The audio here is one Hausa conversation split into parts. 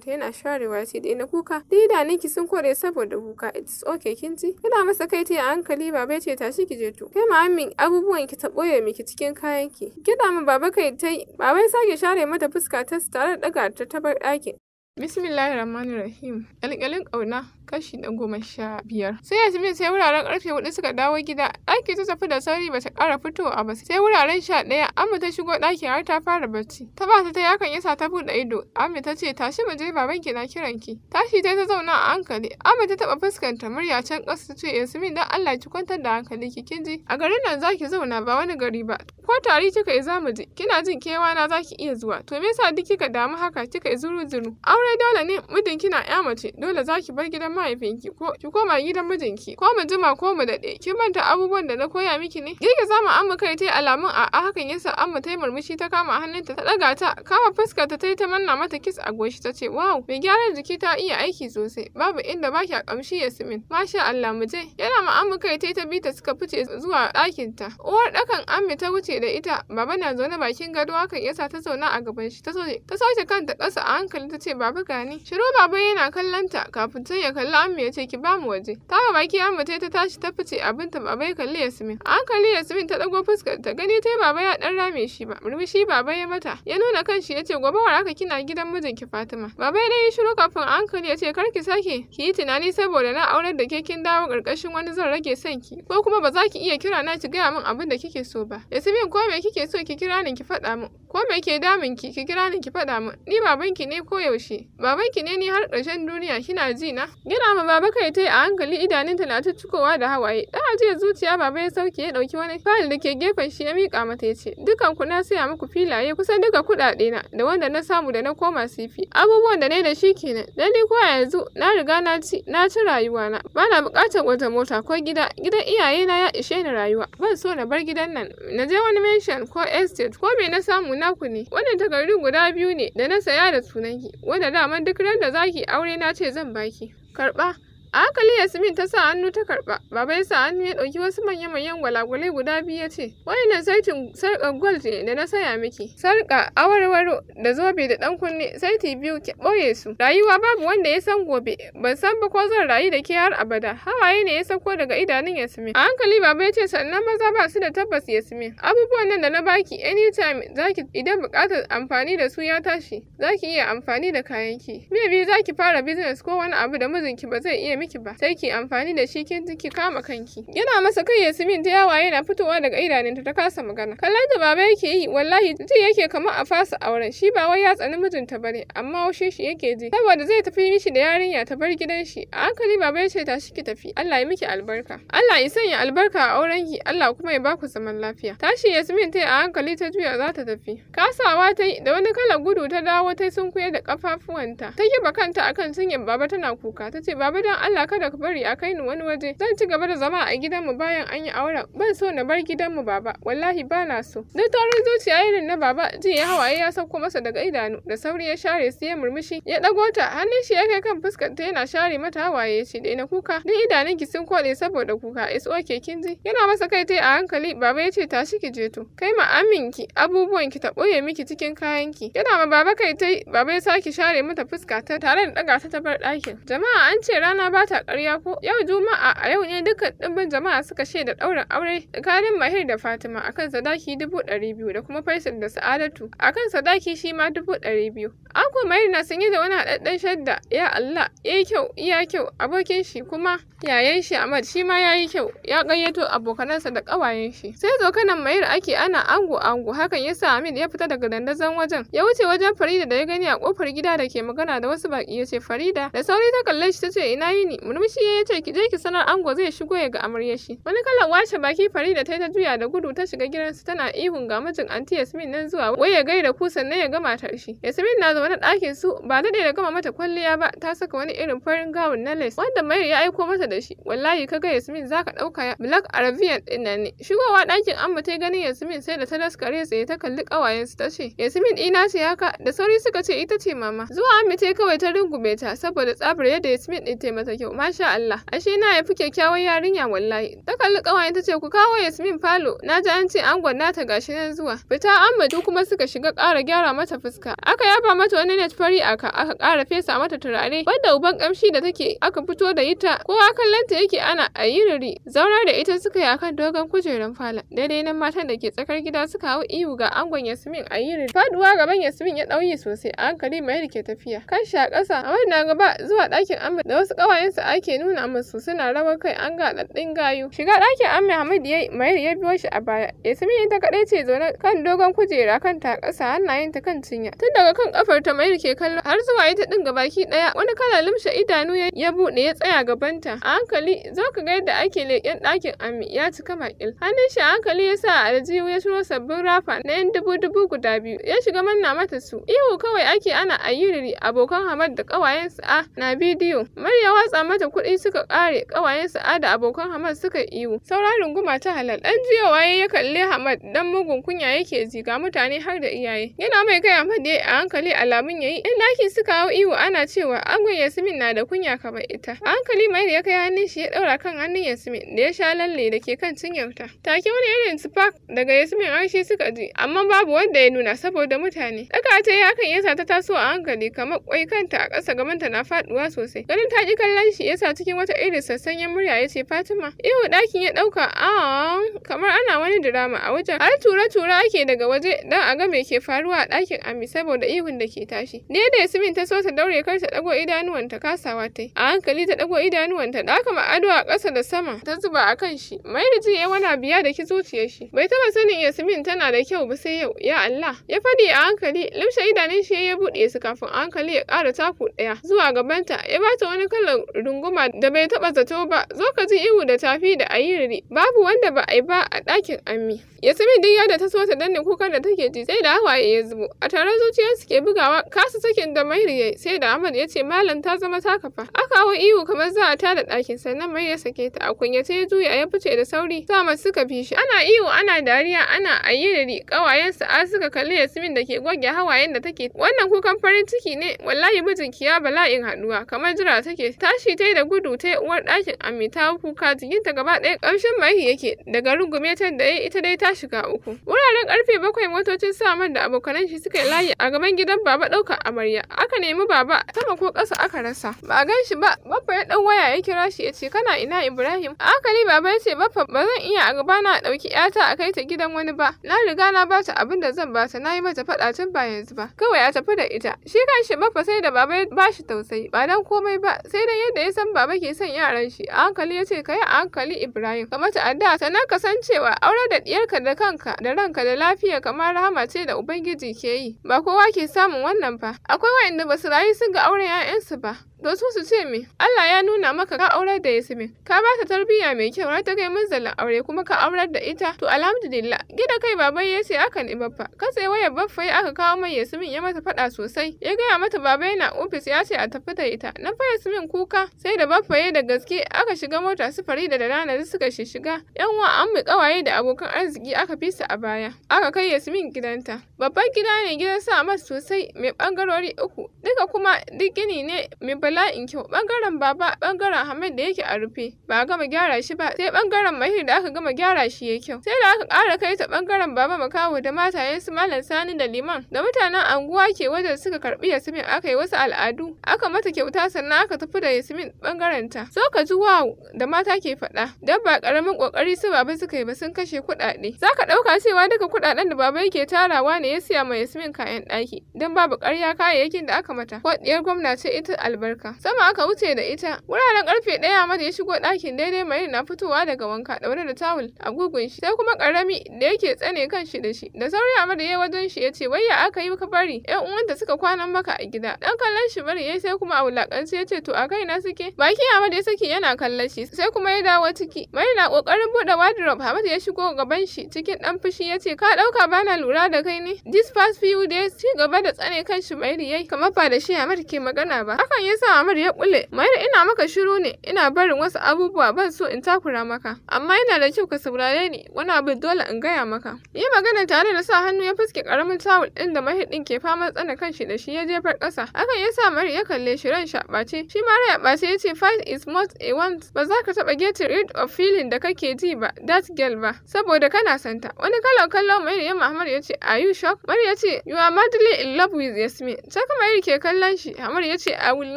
ta yana sharewa ce na kuka da idanunki sun kore saboda kuka it's okay kin ji yana masa kai ta a hankali baba ya ce tashi ki je to kai ma amin abubuwan ki ta boye miki cikin kayan ki gida ma baba kai ta baba ya sake share mata fuska ta tare da daga ta ta bar ɗakin Bismillahir Rahmanir Rahim. Ƙalƙalin ƙauna kashi na goma sha biyar. Sai Yasmin sai wuraren ƙarfe huɗu suka dawo gida. Ɗaki ta tafi da sauri bata ƙara fitowa ba. Sai wuraren sha ɗaya Amma ta shigo ɗakin har ta fara barci. Ta ba ta ya yakan yasa ta buɗe ido. Amma ta ce tashi mu je baban ki na kiran ki. Tashi ta ta zauna a hankali. Amma ta taɓa fuskanta murya can ƙasa ta ce Yasmin dan Allah ki kwantar da hankali ki kin ji. A garin nan zaki zauna ba wani gari ba. Ko tari kika yi zamu je. Kina jin kewa na zaki iya zuwa. To me yasa duk kika damu haka kika yi zuru zuru. Aure sai dole ne mijinki na ya mace dole za ki bar gidan mahaifinki ko ki koma gidan mijinki ko mu jima ko mu daɗe kin manta abubuwan da na koya miki ne. Girki za mu amma kai tai alamun a a hakan yasa amma tai murmushi ta kama hannunta ta ɗaga ta kama fuskar ta tai ta manna mata kis a goshi ta ce wow mai gyaran jiki ta iya aiki sosai babu inda baki a kamshi Yasmin masha Allah mu je yana ma amma kai tai ta bi ta suka fice zuwa ɗakinta. Uwar ɗakan Ammi ta wuce da ita baba na zaune bakin gado hakan yasa ta zauna a gaban shi ta sauke kanta ƙasa a hankali ta ce baba buga ni. Shiru baba yana kallon ta kafin sai ya kalli Amma ya ce ki ba mu waje. Ta ga baki Amma ta ta tashi ta fice abin ta baba kalli Yasmin. A hankali Yasmin ta dago fuskar ta gani tai baba ya dan rame shi ba. Murmushi baba ya mata. Ya nuna kanshi ya ce gobe ka kina gidan mijinki Fatima. Baba ya dai shiru kafin a hankali ya ce kar ki sake ki yi tunani saboda na aurar da ke kin dawo karkashin wani zan rage son ki ko kuma ba za ki iya kira na ki gaya min abin da kike so ba. Yasmin ko me kike so ki kira ni ki faɗa min ko me ke damun ki ki kira ni ki faɗa min ni babanki ne ko yaushe babanki ne ni har ƙarshen duniya kina ji na gina ma baba kai yi a hankali idanun ta cikowa da hawaye dan ajiyar zuciya baba ya sauke ya ɗauki wani fayil da ke gefen shi ya miƙa mata ya ce dukan ku na saya muku filaye kusan duka kuɗaɗe na da wanda na samu da na koma sifi abubuwan da ne da shi kenan dan ni kuwa yanzu na riga na ci na ci rayuwa na bana buƙatar wata mota ko gida gidan iyaye na ya ishe ni rayuwa ban so na bar gidan nan na je wani mansion ko estate ko me na samu naku ne wannan takardun guda biyu ne da na saya da sunanki wanda da daman duk randa zaki aure na ce zan baki. Karɓa. a hankali yasmin ta sa hannu ta karba baba ya sa hannu ya dauki wasu manya-manyan gwalagwalai guda biyu ya ce wayannan saitin sarkar gold ne da na saya miki sarka awarwaro da zobe da dan kunne saiti biyu ki boye su rayuwa babu wanda ya san gobe ban san ba ko zan rayu da ke har abada hawaye ne ya sako daga idanun yasmin a hankali baba ya ce sannan maza ba su da tabbas yasmin abubuwan nan da na baki anytime zaki idan bukatar amfani da su ya tashi zaki iya amfani da kayanki maybe zaki fara business ko wani abu da mijinki ba zai iya miki miki ba sai ki amfani da shi kin ki kama kanki yana masa kai yasmin ta yawa yana fitowa daga idanunta ta kasa magana kallon da baba yake yi wallahi ji yake kamar a fasa auren shi ba wai ya tsani mijinta bane amma haushe shi yake ji saboda zai tafi mishi da yarinya ta bar gidan shi a hankali baba ya ce tashi ki tafi Allah ya miki albarka Allah ya sanya albarka a auren ki Allah kuma ya baku zaman lafiya tashi yasmin ta a hankali ta juya za ta tafi kasawa ta da wani kalar gudu ta dawo ta sunkuye da kafafuwanta ta yi kanta akan sunyan baba tana kuka ta ce baba dan Allah kada ka bari a kai ni wani waje zan ci gaba da zama a gidanmu bayan an yi auren ban so na bar gidanmu baba wallahi ba na so da taurin zuciya irin na baba jin ya hawaye ya sauko masa daga idanu da sauri ya share su ya murmushi ya dago ta hannun shi ya kai kan fuskar ta yana share mata hawaye shi da na kuka Ni idanun ki sun kode saboda kuka is okay kin ji yana masa kai tai a hankali baba ya ce tashi ki je to kai ma aminki abubuwan ki ta boye miki cikin kayanki. ki yana ma baba kai tai baba ya sake share mata fuska ta tare da ɗaga ta ta bar ɗakin jama'a an ce rana ba ba ta ƙarya ko? Yau Juma'a a yau ne dukkan ɗimbin jama'a suka shaida ɗaurin aure tsakanin Mahir da Fatima akan sadaki dubu ɗari biyu da kuma Faisal da Sa'adatu akan sadaki shi ma dubu ɗari biyu. Ako Mahir na sanye da wani haɗaɗɗen shadda ya Allah ya yi kyau iya kyau abokin shi kuma yayan shi Ahmad shi ma ya yi kyau ya gayyato abokanansa da ƙawayen shi. Sai zokanan Mahir ake ana ango ango hakan ya sa Hamid ya fita daga dandazon wajen ya wuce wajen Farida da ya gani a kofar gida da ke magana da wasu baƙi ya ce Farida da sauri ta kalle shi ta ce ina yi ne murmushi ya ce ki je ki sanar ango zai shigo ya ga amarya shi wani kalan washe baki fari da ta ta juya da gudu ta shiga gidansu tana ihun ga mijin anti Yasmin nan zuwa wai ya gaida ku sannan ya gamata matar shi Yasmin na zaune ɗakin su ba daɗe da gama mata kwalliya ba ta saka wani irin farin gawun na lace wanda mayar ya aiko mata da shi wallahi ka kaga Yasmin zaka ɗauka Black Arabian ɗin nan ne shigowa ɗakin amma ta ganin Yasmin sai da ta daskare tsaye ta kalli ƙawayensu ta ce Yasmin ina eh, ce haka da sauri suka ce ita ce mama zuwa amma ta kawai ta rungume ta saboda tsabar yadda Yasmin ɗin ta kyau masha Allah ashe na haifi kyakkyawar yarinya wallahi ta kalli ta ce ku kawo Yasmin falo na ji an ce angon nata gashi na zuwa fita Ahmadu kuma suka shiga ƙara gyara mata fuska aka yafa mata wani net fari aka aka ƙara fesa mata turare wanda uban kamshi da take aka fito da ita kowa kallon yake ana ayiriri zaunar da ita suka yi akan dogon kujeran fala daidai nan matan da ke tsakar gida suka hau ihu ga angon Yasmin ayiriri faduwa gaban Yasmin ya ɗauye sosai a hankali mai da ke tafiya kan shi a ƙasa a wannan gaba zuwa ɗakin Ahmad da wasu ƙawayen bayansa ake nuna musu suna rawar kai an ga ɗaɗɗin gayu. Shiga ɗakin amin Hamid ya Mayar ya biyo shi a baya. Yasmin ta kaɗai ce zaune kan dogon kujera kan ta ƙasa ta kan cinya. Tun daga kan ƙafar ta Mayar ke kallo har zuwa ita ɗin baki ɗaya wani kala lumshe idanu ya buɗe ya tsaya gabanta. A hankali zo ka ga yadda ake leƙen ɗakin Ami ya cika maƙil. Hannun shi a hankali ya sa aljihu ya shiro sabbin rafa na yan dubu dubu guda biyu ya shiga manna mata su. Ihu kawai ake ana ayyuriri abokan Hamad da ƙawayensu a ah, na bidiyo. Maryam watsa watsa mata kuɗi suka ƙare ƙawayen sa'ada abokan Hamad suka iwu. Saura runguma ta halal. Ɗan jiya waye ya kalli Hamad dan mugun kunya yake jiga mutane har da iyaye. Yana mai gaya Hamad ya a hankali alamun yayi. Yan laki suka hau iwu ana cewa angon Yasmin na da kunya kamar ita. A hankali mai ya kai hannun shi ya ɗaura kan hannun Yasmin da ya sha lalle da ke kan cinyarta. Take wani irin spark daga Yasmin aishi suka ji amma babu wanda ya nuna saboda mutane. Daga ta yi hakan sa ta taso a hankali kamar kwai kanta a ƙasa gamanta na faɗuwa sosai. Ganin ta ji kallon tashi ya sa cikin wata irin sassanyen murya ya ce Fatima. Ihu ɗakin ya ɗauka a kamar ana wani dirama, a wajen. Har tura-tura ake daga waje don a ga me ke faruwa a ɗakin Ami saboda ihun da ke tashi. Ne da Yasmin ta so ta daure kar ta ɗago idanuwanta kasawa ta yi. A hankali ta ɗago idanuwanta da aka ado a ƙasa da sama ta zuba a kan shi. Mai da ji ya biya da ki zuciyar shi. Bai taɓa sanin Yasmin tana da kyau ba sai yau. Ya Allah. Ya faɗi a hankali limshe idanun shi ya buɗe su kafin a hankali ya ƙara taku ɗaya zuwa gabanta ya bata wani kalan runguma da bai taba zato ba zo ka ji ihu da tafi da ayiri babu wanda ba a yi ba a ɗakin ammi yasmin duk yadda ta so ta danne kukan da take ji sai da hawaye ya zubo a taron zuciyar su ke bugawa kasa sakin da mairi yayi sai da ahmad ya ce malam ta zama takafa. kafa aka ihu kamar za a tada ɗakin sannan mai ya sake ta a kunyace ya juya ya fice da sauri sama suka bi ana ihu ana dariya ana ayiri ƙawayen sa'a suka kalli yasmin da ke goge hawayen da take wannan kukan farin ciki ne wallahi mijinki ya bala'in haɗuwa kamar jira take ta Tashi ta yi da gudu ta yi uwar ɗakin Ami ta kuka jikinta gaba ɗaya ƙamshin mahi yake daga rungume ta da ya yi ita dai ta shiga uku. Wuraren ƙarfe bakwai motocin saman da abokanan shi suka yi layi a gaban gidan baba ɗauka amarya. Aka nemi baba sama ko ƙasa aka rasa. Ba a gan shi ba, Bafa ya ɗan waya ya kira shi ya ce kana ina Ibrahim. A hankali baba ya ce bafa ba zan iya a gaba na ɗauki ‘yata a kai ta gidan wani ba. Na riga na ba ta abin da zan ba ta na yi mata faɗa tun ba yanzu ba. Kawai a tafi da ita. Shi kan shi sai da baba ya ba shi tausayi ba dan komai ba sai dai ya yadda ya san baba ke son yaran shi a hankali ya ce ka yi a hankali ibrahim ka mata addu'a sannan ka san cewa aure da diyarka da kanka da ranka da lafiya kamar rahama ce da ubangiji ke yi ba kowa ke samun wannan fa akwai waɗanda ba su rayu sun ga auren 'ya'yansu ba to su su ce me Allah ya nuna maka ka aurar da Yasmin ka ba ta tarbiyya mai kyau ta kai manzalin aure kuma ka aurar da ita to alhamdulillah gida kai baban ce aka ni baffa ka sai waya baffa ya aka kawo mai Yasmin ya mata fada sosai ya gaya mata baba yana ofis ya ce a tafi da ita na fa Yasmin kuka haka sai da baffaye da gaske aka shiga mota su farida da ranar suka shiga yan uwa ammi kawaye da abokan arziki aka fi su a baya aka kai yasmin gidanta babban gida ne gidan sa mas sosai mai bangarori uku duka kuma duk gini ne mai bala'in kyau bangaren baba bangaren hamad da yake a rufe ba a gama gyara shi ba sai bangaren mahir da aka gama gyara shi ya kyau sai da aka kara kai ta bangaren baba makaho da matayen su malam sani da liman da mutanen anguwa ke wajen suka karbi yasmin aka yi wasu al'adu aka mata kyauta sannan aka tafi da Yasmin bangaren ta. So ka ji wa da mata ke faɗa. Dan ba karamin kokari su baba suka yi ba sun kashe kuɗaɗe. Za ka ɗauka cewa duka kuɗaɗen da baba yake tarawa ne ya siya mai Yasmin kayan ɗaki. Dan babu ƙarya kayayyakin da aka mata. Ko ɗiyar gwamna ce ita albarka. Sama aka wuce da ita. Wuraren karfe ɗaya mata ya shigo ɗakin daidai mai na fitowa daga wanka ɗaure da tawul a gugun shi. Sai kuma karami da yake tsane kan shi da shi. Da sauri mata ya wajen shi ya ce wai ya aka yi ka bari. 'Yan uwanta suka kwana maka a gida. Dan kallon shi bari yayi sai kuma a wulakance ya ce to a na suke baki Hamad ya saki yana kallon shi sai kuma ya dawo ciki mai na kokarin bude wardrobe Hamad ya shigo gaban shi cikin dan fushi ya ce ka dauka bana lura da kai ne this past few days ci gaba da tsane kan shi mai yayi kamar ba da shi Hamad ke magana ba hakan yasa Hamad ya kule mai ina maka shiru ne ina barin wasu abubuwa ban so in takura maka amma yana da kyau ka saurare ni wani abu dole in gaya maka yi magana tare da sa hannu ya fuske karamin tawul din da mahidin ke fama tsana kan shi da shi ya jefar kasa hakan yasa Mari ya kalle shi ran shabace shi ma ya ba yace ce fight is most a eh, want ba za ka taba get rid of feeling da kake ji ba that girl ba saboda kana santa wani kalar kallo mai ya Muhammad ya ce are you shocked Mari ya ce you are madly in love with Yasmin ta kuma yi ke kallon shi Hamar ya ce I will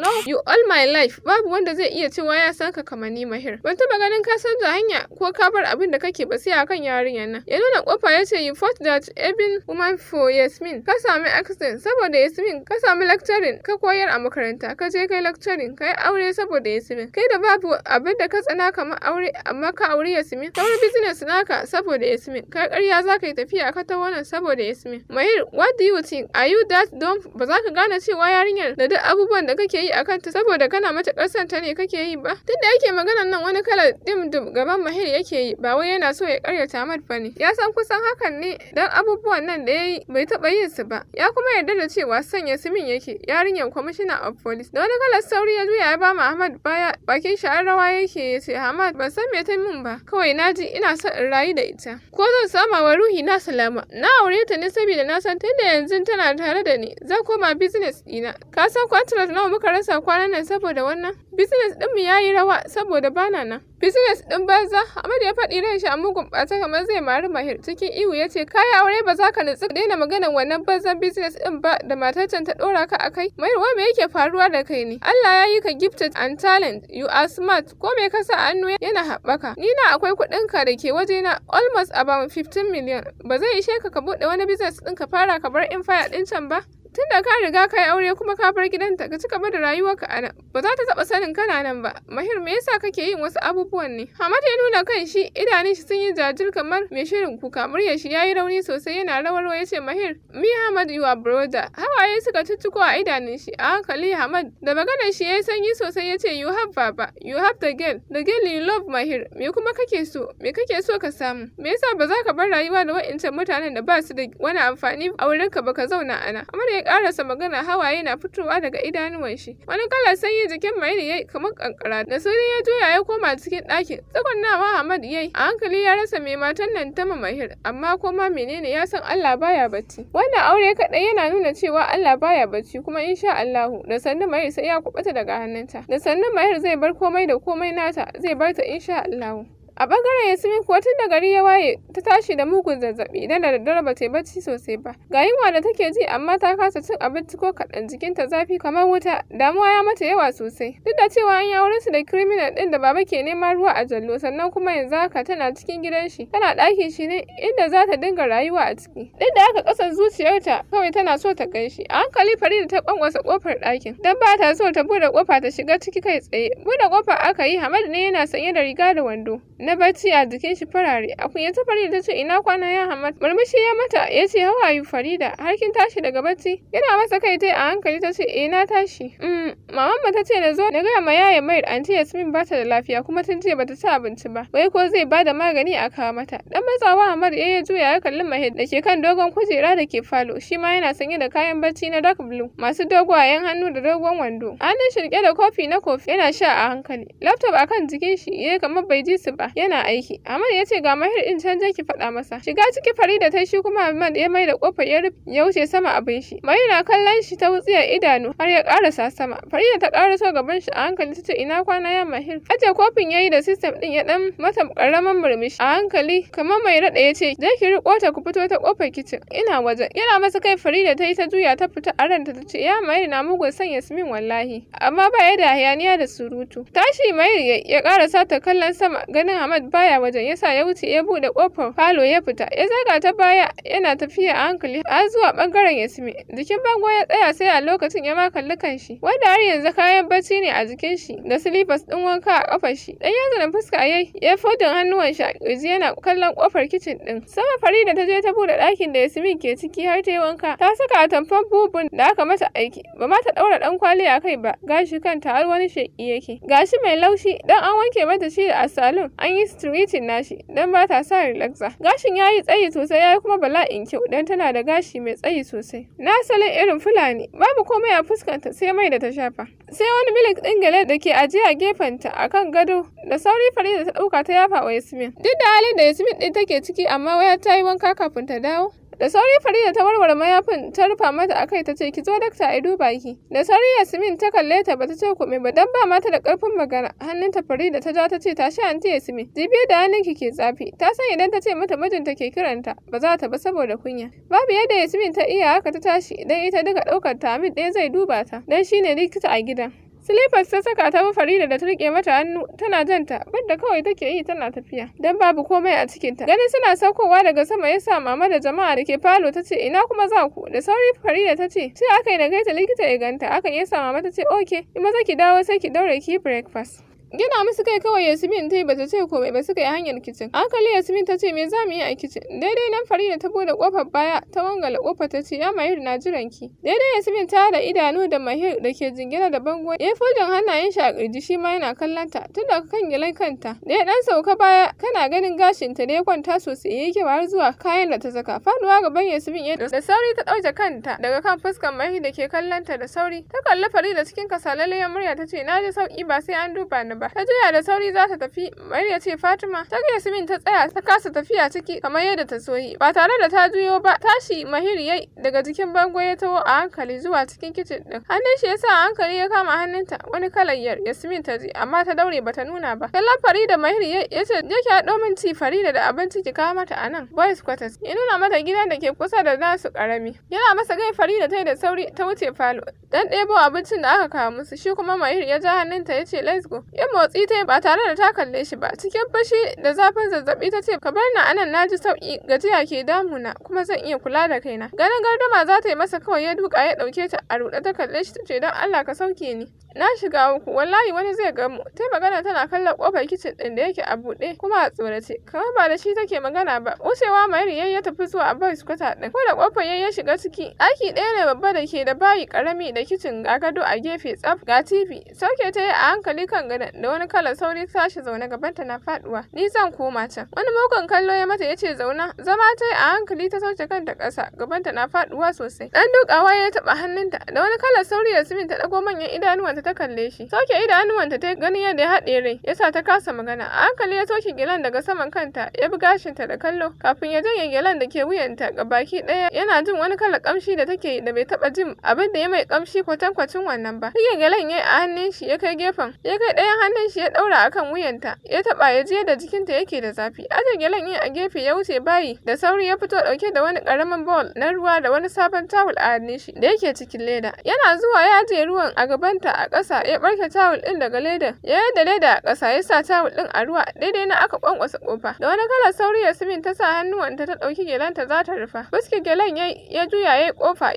know you all my life babu wanda zai iya cewa ya san ka kamar ni Mahir ban taba ganin ka canza hanya ko ka bar abin da kake ba sai akan yarinyar nan ya nuna kofa ya ce you fought that Ebin woman for Yasmin ka sami accident saboda Yasmin ka sami lecturing ka koyar a makaranta ka je kai lecturing kai aure aure saboda Yasmin kai da babu abin da ka tsana kamar aure amma ka aure Yasmin ka bar business naka saboda Yasmin kai ƙarya za ka yi tafiya ka ta wannan saboda Yasmin Mahir what do you think are you that dumb ba za ka gane cewa yarinyar da duk abubuwan da kake yi a kanta saboda kana mata son ta ne kake yi ba tunda yake maganan nan wani kalar dim dim gaban Mahir yake yi ba wai yana so ya ƙaryata Ahmad ba ne ya san kusan hakan ne dan abubuwan nan da ya bai taɓa yin su ba ya kuma yarda da cewa sanya Yasmin yake yarinyar commissioner of police da wani kalar sauri ya juya ya ba kama Ahmad baya bakin shi an rawa yake ya ce Ahmad ban san me ta min ba kawai na ji ina son in rayu da ita ko zan sama wa ruhi na salama na aure ta ne saboda na san tunda yanzu tana tare da ni zan koma business dina ka san contract nawa muka rasa kwanan nan saboda wannan business din mu yayi rawa saboda bana nan Business ɗin banza, Ahmad ya faɗi ran shi a mugun bata kamar zai mari mahir. Cikin ihu ya ce, kaya aure ba za ka nutsu daina maganan wannan banzan business ɗin ba da matar can ta ɗora ka a kai. Mahir wa me yake faruwa da kai ne? Allah ya yi ka gifted and talent, you are smart, ko me ka sa hannu yana haɓaka. Ni na akwai kuɗin ka da ke na almost about 15 million. Ba zai ishe ka ka buɗe wani business din ka fara ka bar in faya ɗin can ba? tun da ka riga ka yi aure kuma ka bar gidanta ka ci gaba da rayuwarka a nan ba za ta taba sanin kana nan ba mahir me yasa kake yin wasu abubuwan ne hamad ya nuna kan shi idanun shi sun yi jajir kamar mai shirin kuka muryar shi yayi rauni sosai yana rawar ya ce mahir mi hamad yuwa broda hawaye suka tuttuko a idanun shi a hankali hamad da maganar shi ya yi sanyi sosai yace, ce you have baba you have the girl the girl you love mahir me kuma kake so me kake so ka samu me yasa ba za ka bar rayuwa da wa'incan mutanen da ba su da wani amfani a wurinka ba ka zauna ana nan karasa magana hawaye na fitowa daga idanuwan shi. Wani kalar sanyi jikin Maini yayi kamar kankara da sauri ya juya ya koma cikin ɗakin. nawa Hamad yayi a hankali ya rasa mai matan nan ta mamahir amma koma menene ya san Allah baya bacci. Wannan aure kaɗai yana nuna cewa Allah baya bacci kuma insha Allahu da sannu Mahir sai ya kuɓuta daga hannunta. Da sannu Mahir zai bar komai da komai nata zai bar ta insha Allahu. A bangaren Yasmin kuwa tun da gari ya waye ta tashi da mugun zazzabi, idan da daddare ba ta bacci sosai ba. Ga yunwa da take ji amma ta kasa cin abinci ko kaɗan jikinta zafi kamar wuta. Damuwa ya mata yawa sosai. Duk da cewa an yi auren su da criminal ɗin da baba ke neman ruwa a jallo sannan kuma yanzu haka tana cikin gidan shi. Tana ɗakin shi ne inda za ta dinga rayuwa a ciki. Duk da aka ƙasa zuciyarta kawai tana so ta gan shi. A hankali Farida ta kwankwasa ƙofar ɗakin. Dan ba ta so ta buɗe ƙofa ta shiga ciki kai tsaye. Buɗe ƙofa aka yi Hamad ne yana sanye da riga da wando. na barci a jikin shi farare a ta Farida ta ce ina kwana ya Hamad murmushi ya mata ya ce hawa yi Farida har kin tashi daga bacci yana masa kai tai a hankali ta ce eh na tashi mm maman mu ta ce na zo na ga ma yaya mai anti Yasmin ba ta da lafiya kuma tun jiya bata ci abinci ba wai ko zai ba da magani a kawo mata dan matsawa Hamad ya juya ya kalli Mahid da ke kan dogon kujera da ke falo shi ma yana sanye da kayan bacci na dark blue masu dogwayen hannu da dogon wando hannun shirke da kofi na kofi yana sha a hankali laptop akan jikin shi ya kamar bai ji su ba yana aiki Ahmad ya ce ga Mahir din can ki faɗa masa shiga ciki Farida ta shi kuma Ahmad ya mai da kofar ya wuce sama abin shi Mahir na kallon shi ta wutsiya idanu har ya karasa sama Farida ta karaso gaban shi a hankali ta ce ina kwana ya Mahir aje kofin yayi da system din ya dan mata karaman murmushi a hankali kamar mai rada ya ce je ki riko ta ku fito ta kofar kicin ina wajen yana masa kai Farida ta yi ta juya ta fita a ranta ta ce ya Mahir na mugun son Yasmin wallahi amma ba ya da hayaniya da surutu tashi Mahir ya karasa ta kallon sama ganin Ahmad baya wajen yasa ya wuce ya bude kofar falo ya fita ya zaga ta baya yana tafiya a hankali har zuwa bangaren Yasmin. Jikin bango ya tsaya sai a lokacin ya ma kalli kanshi wanda har yanzu kayan bacci ne a jikin shi da silifas ɗin wanka a kafar shi. Dan ya fuska yayi ya fodin hannuwan shi a ƙirji yana kallon kofar kicin ɗin. Sama Farida ta je ta buɗe ɗakin da Yasmin ke ciki har ta yi wanka ta saka atamfan bubun da aka mata aiki ba ma ta ɗaura ɗan kwali a kai ba gashi kanta har wani sheƙi yake. Gashi mai laushi dan an wanke mata shi da salon an an yi stretching nashi don ba ta sa relaxa Gashin yayi tsayi sosai ya yi kuma bala'in kyau dan tana da gashi mai tsayi sosai. Na sale irin Fulani, babu komai a fuskanta sai mai da ta shafa. Sai wani milik ɗin gale da ke ajiya a gefenta a kan gado da sauri Farida ta ɗauka ta yafa wa Yasmin. Duk da halin da Yasmin ɗin take ciki amma waya ta yi wanka kafin ta dawo, da sauri farida ta warware mayafin ta rufa mata a kai ta ce ki zo dakta a duba ki da sauri yasmin ta kalle ta bata ce kume ba dan ba mata da karfin magana hannunta farida ta ja ta ce ta sha anti yasmin Jibiyar da hannun ki ke tsafi ta san idan ta ce mata mijinta ke kiranta ba za ta ba saboda kunya babu yadda yasmin ta iya haka ta tashi idan ita duka ɗaukar ta amin ɗaya zai duba ta dan shine likita a gidan Silifas ta saka ta bi Farida da ta rike mata hannu tana janta, banda kawai take yi tana tafiya. Dan babu komai a cikinta. Ganin suna saukowa daga sama ya sa mama da jama'a da ke falo ta ce ina kuma za ku? Da sauri Farida ta ce, sai aka yi na gaita likita ya ganta." aka yi sa mama ta ce, "Okay, in maza ki dawo sai ki daure ki breakfast." Gina musu kai kawai Yasmin ta yi bata ce komai ba suka yi hanyar kicin. hankali Yasmin ta ce me za mu yi a kicin. Daidai nan Farida ta bude kofar baya ta wangala kofar ta ce ya Mahir na jiran ki. Daidai Yasmin ta da idanu da Mahir da ke jingina da bango. Ya fudin hannayen shi a kirji shi ma yana kallon ta tun daga kan gilan kanta. Da ya dan sauka baya kana ganin gashin ta da ya kwanta sosai ya yi har zuwa kayan da ta saka. Faduwa gaban Yasmin ya da sauri ta ɗauke kanta daga kan fuskar Mahir da ke kallon ta da sauri. Ta kalli Farida cikin kasalalayen murya ta ce na ji sauki ba sai an duba ni ba ta juya da sauri za ta tafi Mariya ce Fatima ta ga Yasmin ta tsaya ta kasa tafiya ciki kamar yadda ta so yi ba tare da ta juyo ba tashi Mahir yayi daga jikin bango ya taho a hankali zuwa cikin kicin din hannun shi yasa a hankali ya kama hannunta wani yar Yasmin ta ji amma ta daure bata nuna ba kallon Farida Mahir ya ce ki min ci Farida da abinci ki kawo mata a nan boys quarters ya nuna mata gidan da ke kusa da nasu karami yana masa gai Farida ta yi da sauri ta wuce falo dan ɗebo abincin da aka kawo musu shi kuma Mahir ya ja hannunta ya ce let's go ya motsi ta yi ba tare da ta kalle shi ba cikin fashi da zafin zazzabi ta ce ka bar na anan na ji sauki gajiya ke damu na kuma zan iya kula da kaina ganin gardama za ta yi masa kawai ya duka ya dauke ta a ruɗe ta kalle shi ta ce don Allah ka sauke ni na shiga uku wallahi wani zai gamu ta magana tana kallon kofar kicin din da yake a buɗe kuma a tsorace kamar ba da shi take magana ba wucewa mayri ya tafi zuwa abin kwata din ko da kofar ya shiga ciki ɗaki ɗaya ne babba da ke da bayi karami da kicin ga gado a gefe tsaf ga tv sauke ta yi a hankali kan gadon da wani kalar sauri ta tashi zaune gabanta na faduwa ni zan koma can wani mugun kallo ya mata yace zauna zama ta a hankali ta sauke kanta ƙasa gabanta na faduwa sosai dan dukawa ya taba hannunta da wani kalar sauri ya Yasmin ta dago manyan idanuwanta ta kalle shi sauke idanuwanta ta gani yadda ya haɗe rai yasa ta kasa magana a hankali ya sauke gilan daga saman kanta ya bi gashinta da kallo kafin ya janye gilan da ke wuyanta ga baki ɗaya yana jin wani kalar kamshi da take da bai taba jin abin da ya mai kamshi kwatankwacin wannan ba. Rike gilan ya yi a hannun shi ya kai gefen ya kai ɗayan hannun shi ya ɗaura akan wuyanta ya taɓa ya je da jikinta yake da zafi Ajin gyalen yin a gefe ya wuce bayi da sauri ya fito ɗauke da wani ƙaramin bowl na ruwa da wani sabon tawul a hannun shi da yake cikin leda yana zuwa ya ajiye ruwan a gabanta a ƙasa ya barke tawul ɗin daga leda. ya yadda leda a ƙasa ya sa tawul ɗin a ruwa daidai na aka kwankwasa ƙofa da wani kalar sauri ya simin ta sa hannuwanta ta ɗauki ta za ta rufa fuskar gyalen ya juya ya yi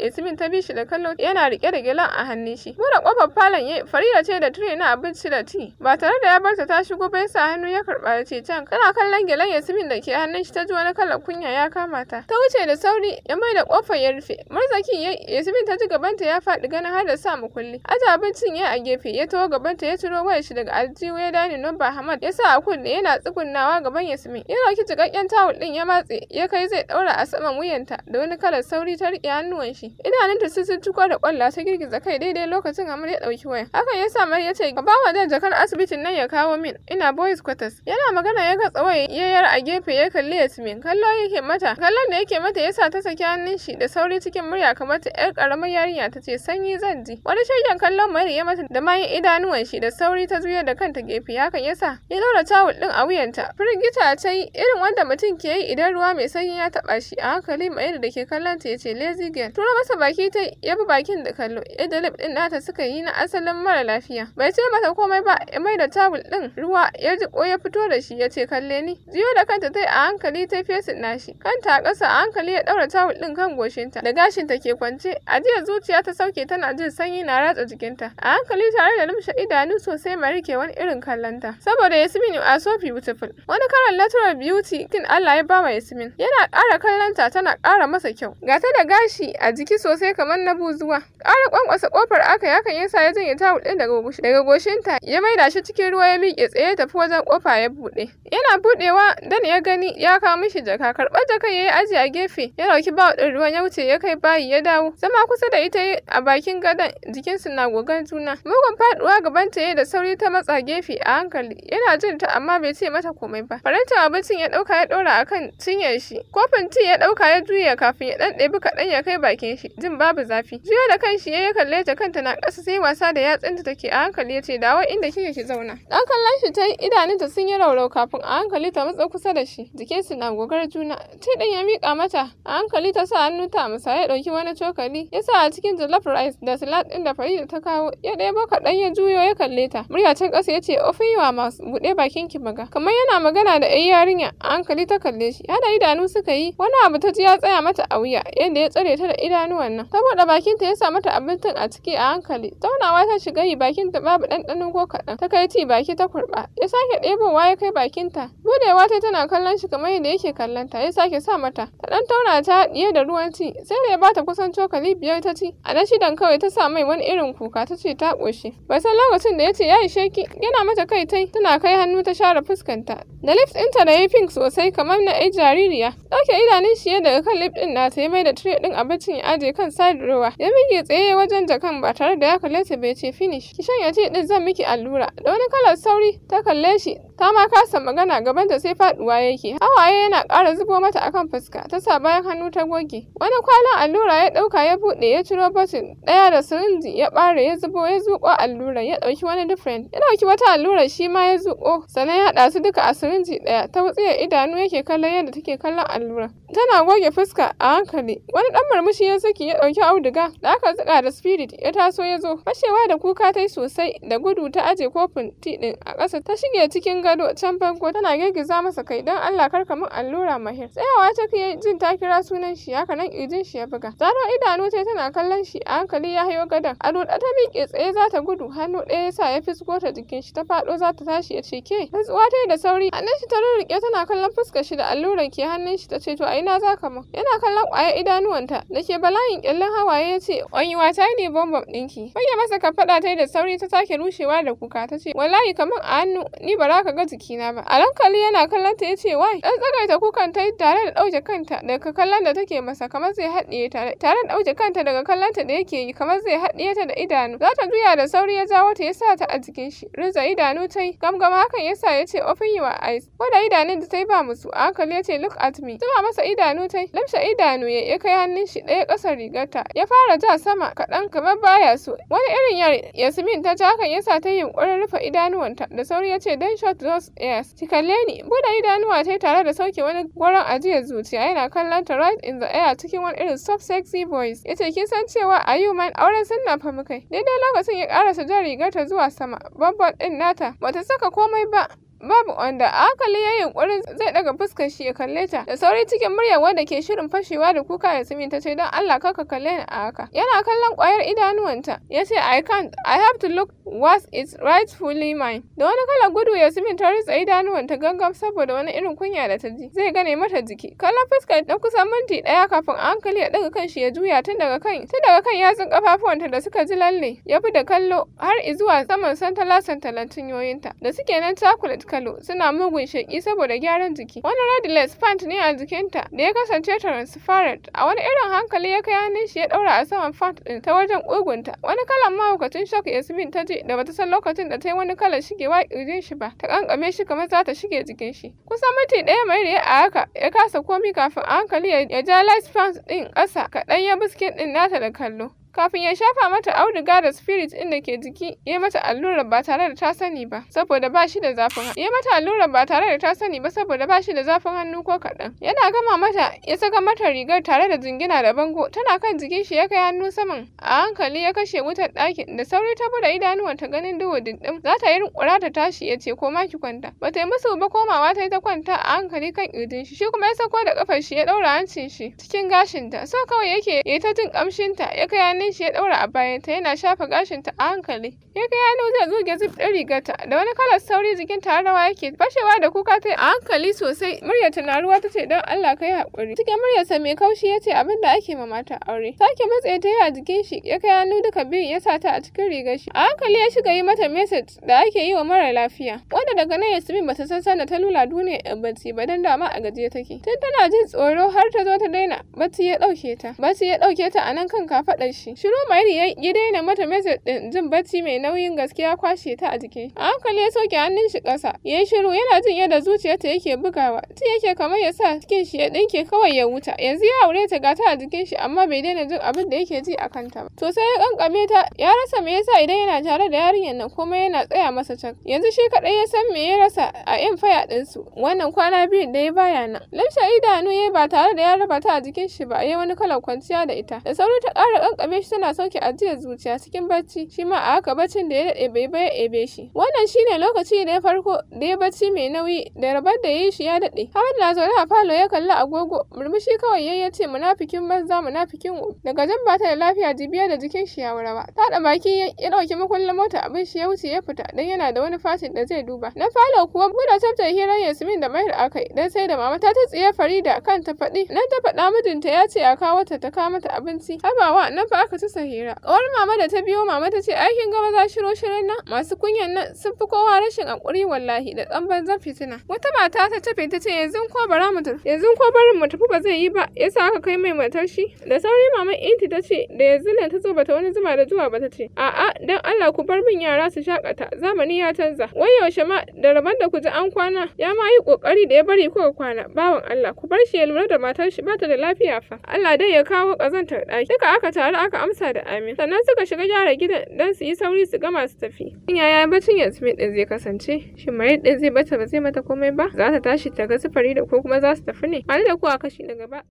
ya simin ta bi shi da kallo yana riƙe da gyalen a hannun shi buɗe ƙofar falon ya farida ce da tire na abinci da ti ba tare da ya barta ta shigo bai sa hannu ya karba ya ce can kana kallon ya simin da ke hannun shi ta ji wani kalar kunya ya kama ta ta wuce da sauri ya mai da kofar ya rufe marzakin simin ta ji gabanta ya faɗi ganin har da sa mukulli aje abincin ya a gefe ya taho gabanta ya ciro wayar shi daga aljihu ya dani nomba hamad ya sa a kunne yana tsugunnawa gaban simin ya dauki cikakken tawul din ya matse ya kai zai daura a saman wuyanta da wani kalar sauri ta riƙe hannuwan shi idanunta sun sun da kwalla ta girgiza kai daidai lokacin amur ya dauki waya hakan ya sa mar ya ce ba wa jan jakar asibitin nan ya kawo min ina boys quarters yana magana ya ga tsawai yayar a gefe ya kalli yasmin kallo yake mata kallon da yake mata yasa ta saki hannun shi da sauri cikin murya kamar ta yar karamar yarinya ta ce sanyi zan ji wani shegen kallon mari ya mata da mayin idanuwan shi da sauri ta zuya da kanta gefe hakan yasa ya daura tawul din a wuyanta firgita ta yi irin wanda mutum ke yi idan ruwa mai sanyi ya taba shi a hankali mai da ke kallon ta yace lazy girl tura masa baki ta ya bi bakin da kallo idalib din nata suka yi na asalin mara lafiya bai ce mata komai ba ya mai da tawul ɗin ruwa ya ji ko ya fito da shi ya ce kalle ni jiyo da kanta tai a hankali ta fesin nashi kanta a ƙasa a hankali ya ɗaura tawul ɗin kan goshinta da gashinta ke kwance a jiya zuciya ta sauke tana jin sanyi na ratsa jikinta a hankali tare da lumshe idanu sosai mai ke wani irin kallonta saboda yasmin a sofi beautiful wani karan natural beauty kin Allah ya bawa yasmin yana ƙara kallonta tana ƙara masa kyau ga ta da gashi a jiki sosai kamar na buzuwa ƙara kwankwasa kofar aka yakan yasa ya janye tawul ɗin daga goshinta ya maida shi cikin ruwa ya miƙe tsaye tafi wajen kofa ya buɗe. Yana buɗewa Dan ya gani ya kawo mishi jaka karɓar jakan ya yi aji a gefe ya ɗauki bawa ɗin ruwan ya wuce ya kai bayi ya dawo. Zama kusa da ita a bakin gadon jikinsu na gogan juna. Mugun faɗuwa ta ya da sauri ta matsa gefe a hankali yana jin ta amma bai ce mata komai ba. Farantin abincin ya ɗauka ya ɗora a kan cinyar shi. Kofin ti ya ɗauka ya juya kafin ya ɗan ɗebi kaɗan ya kai bakin shi jin babu zafi. Juya da kanshi ya kalle ta kanta na ƙasa sai wasa da yatsunta take a hankali ya ce dawo inda kike ki zauna. Dan kallon shi ta yi idanunta sun yi raurau kafin a hankali ta matsa kusa da shi. su na gogar juna. Ce ɗin ya miƙa mata. A hankali ta sa hannu ta amsa ya ɗauki wani cokali. Ya sa a cikin jollof rice da salad ɗin da Farida ta kawo. Ya ɗebo kaɗan ya juyo ya kalle ta. Murya can ƙasa ya ce ofin yawa masu buɗe bakin ki maga. Kamar yana magana da ɗan yarinya. A hankali ta kalle shi. da idanu suka yi. Wani abu ta ji ya tsaya mata a wuya. Yadda ya tsare ta da idanuwan nan. Ta buɗe bakinta ya sa mata abincin a ciki a hankali. Zaunawa ta shiga yi bakinta babu ɗanɗano ko kaɗan. ta kai ti baki ta kurba ya sake ɗebowa ya kai bakinta budewa ta tana kallon shi kamar yadda yake kallon ta ya sake sa mata ta ɗan tauna ta haɗiye da ruwan ci sai da ya bata kusan cokali biyar ta ci a na shidan kawai ta sa mai wani irin kuka ta ce ta ƙoshi bai san lokacin da ya ce ya ishe ki yana mata kai tai tana kai hannu ta share fuskanta da lips ɗinta da ya pink sosai kamar na ai jaririya ɗauke idanun shi ya daga kan lip ɗin nata ya mai da tire ɗin abincin ya aje kan side ruwa ya miƙe tsaye wajen jakan ba tare da ya kalle ta bai ce finish ki shanya ce ɗin zan miki allura da wani kalar sauri ta kalle shi ta ma kasa magana gaban da sai faduwa yake hawaye yana ƙara zubo mata akan fuska ta sa bayan hannu ta goge wani kwalon allura ya ɗauka ya buɗe ya ciro botin ɗaya da sirinji ya ɓare ya zubo ya zuƙo allura ya ɗauki wani different ya ɗauki wata allura shi ma ya zuƙo sannan ya ɗasu su duka a sirinji ɗaya ta wutsiya idanu yake kallon yadda take kallon allura tana goge fuska a hankali wani ɗan murmushi ya saki ya ɗauki auduga da aka zuƙa da spirit ya taso ya zo fashewa da kuka ta yi sosai da gudu ta aje kofin ti ɗin a ƙasa ta shige cikin gado can banko. tana girgiza masa kai don Allah kar ka min allura mahir tsayawa ta ke jin ta kira sunan shi haka nan kirjin shi ya buga zaro idanu ta tana kallon shi a hankali ya hayo gadon a ruɗa ta miƙe tsaye za ta gudu hannu ɗaya ya sa ya fisko ta jikin shi ta faɗo za ta tashi ya ce ke rantsuwa ta da sauri hannun shi ta tana kallon fuskar shi da alluran ke hannun shi ta ce to a ina za ka mu yana kallon ƙwayar idanuwanta da ke bala'in ƙyallen hawaye ya ce wanyuwa ta ne bombom ɗinki. Fanya masa ka faɗa ta da sauri ta sake rushewa da kuka ta ce wallahi kamar a hannu ni ba za ka ga jikina ba. A hankali yana kallon ta ya ce wai. Dan tsagaita kukan ta tare da ɗauke kanta daga kallon da take masa kamar zai haɗiye ta. Tare da ɗauke kanta daga kallon ta da yake yi kamar zai haɗiye ta da idanu. Za ta juya da sauri ya jawo ta ya sa ta a jikin shi. Riza idanu ta yi. Gamgama hakan ya sa ya ce open your eyes. Ko da idanun da ta yi ba musu a hankali ya look at me. Zuma masa idanu ta yi. idanu ya ya kai hannun shi ɗaya ƙasar rigarta. Ya fara ja sama kaɗan kamar baya su Wani irin yar Yasmin ta ja hakan ya sa ta yi yunƙurin rufe idanuwanta da sauri yace ce dan shot Jos Ayers. Ki kalle ni, buɗe idanuwa ta tare da sauke wani gwaron ajiyar zuciya yana kallon ta right in the air cikin wani irin soft sexy voice. Ya ce kin san cewa a yi man auren sunna fa kai Daidai lokacin ya ƙarasa jan rigar ta zuwa sama. babban ɗin nata bata saka komai ba. Babu wanda a hankali ya yunkurin zai daga fuskar shi ya kalle ta da sauri cikin murya wanda ke shirin fashewa da kuka ya sumi ta ce don Allah kaka kalle ni a haka. Yana kallon kwayar idanuwanta ya ce I can't I have to look what is rightfully mine. Da wani kalar gudu ya sumi ta ritsa idanuwanta gangam saboda wani irin kunya da ta ji zai gane mata jiki. Kallon fuskar na kusan minti ɗaya kafin a hankali ya daga kan shi ya juya tun daga kan tun daga kan yatsun kafafuwanta da suka ji lalle ya bi da kallo har izuwa saman santala santalan tunyoyinta da suke nan chocolate kalo suna mugun shaki saboda gyaran jiki wani red pant ne a jikinta da ya kasance transparent a wani irin hankali ya kai hannun shi ya ɗaura a saman pant ɗin ta wajen ƙugunta wani kalan mahaukacin shock yasmin ta ji da bata san lokacin da ta yi wani kalan shigewa ƙirjin shi ba ta ƙanƙame shi kamar za ta shige jikin shi kusan miti ɗaya mai da a haka ya kasa komi kafin a hankali ya ja light pant ɗin ƙasa kaɗan ya biskit ɗin nata da kallo Kafin ya shafa mata auduga da spirit ɗin da ke jiki, ya mata allurar ba tare da ta sani ba, saboda ba shi da zafin hannu. Ya mata allurar ba tare da ta sani ba saboda ba shi da zafin hannu ko kaɗan. Yana gama mata, ya saka mata rigar tare da jingina da bango, tana kan jikin shi ya kai hannu saman. A hankali ya kashe wutar ɗakin, da sauri ta bude idanuwanta ganin duhu dindim. Za ta yi rinkura ta tashi ya ce ko ma ki kwanta. Ba ta yi musu ba komawa ta yi ta kwanta a hankali kan ƙirjin shi, shi kuma ya sako da ƙafar shi ya ɗaura hancin shi cikin gashinta. So kawai yake ya ta jin ƙamshinta, ya kai hannu hannun shi ya ɗaura a bayanta yana shafa gashinta a hankali. Ya kai hannu zai zuge zub ɗin rigarta da wani kalar sauri jikin ta rawa yake fashewa da kuka ta a hankali sosai murya ta na ruwa ta ce don Allah kai haƙuri. Cikin muryarsa mai kaushi ya ce abin da ake ma mata aure. Sake matse ta yi a jikin shi ya kai hannu duka biyu ya sa ta a cikin rigar shi. A hankali ya shiga yi mata message da ake yi wa mara lafiya. Wanda daga nan Yasmin bata san sanda ta lula duniya in bacci ba dan dama a gajiya take. Tun tana jin tsoro har ta zo ta daina bacci ya ɗauke ta. Bacci ya ɗauke ta a nan kan kafaɗar shi. shiru mairi ya daina mata message din jin bacci mai nauyin gaskiya kwashe ta a jiki a hankali ya soke hannun shi ƙasa ya shiru yana jin yadda zuciyarta yake bugawa tun yake kamar ya sa cikin shi ya ɗinke kawai ya wuta yanzu ya aure ta gata a jikin shi amma bai daina jin abin da yake ji a kanta ba to sai ya kankame ta ya rasa me yasa idan yana tare da yarinyar nan komai yana tsaya masa can yanzu shi kaɗai ya san me ya rasa a in faya su wannan kwana biyun da ya baya nan lamsha idanu ya ba tare da ya raba ta a jikin shi ba ya wani kalar kwanciya da ita da sauri ta ƙara kankame rungume shi tana sauke ajiyar zuciya cikin bacci shi ma a haka baccin da ya daɗe bai bai ebe shi wannan shine lokaci da ya farko da ya bacci mai nauyi da rabar da ya yi shi ya daɗe Ahmad na zaune a falo ya kalli agogo murmushi kawai ya ce munafikin banza munafikin daga jan bata da lafiya jibiya da jikin shi ya wurawa taɗa baki ya ɗauki makullin mota abin shi ya wuce ya fita dan yana da wani fatin da zai duba na falo kuwa buɗe tafta hirar Yasmin da Mahir akai dan sai da mama ta ta tsiye Farida kan ta faɗi nan ta faɗa mijinta ya ce a kawo ta ta kawo mata abinci wa nan fa dakata Sahira. Kawar mama da ta biyo mama ta ce aikin gaba za shiro shirin nan masu kunyan nan sun fi kowa rashin hakuri wallahi da dan banzan fitina. Wata mata ta tafi ta ce yanzu ko bara mu tafi yanzu ko barin mu tafi ba zai yi ba yasa aka kai mai matar shi. Da sauri mama Inti ta ce da yanzu nan ta zo bata wani zuma da zuwa ba ta ce a'a dan Allah ku bar min yara su shakata zamani ya canza. Wai yaushe ma da rabar da ku ji an kwana ya ma yi kokari da ya bari kuka kwana bawan Allah ku bar shi ya lura da matar shi ta da lafiya fa. Allah dai ya kawo kazantar ɗaki. Duka aka taru aka suka amsa da amin sannan suka shiga gyara gidan don su yi sauri su gama su tafi in yaya yanzu? mai din zai kasance shin mai din zai bata ba zai mata komai ba za ta tashi ta ga sufari da ko kuma za su tafi ne ba da a kashi na gaba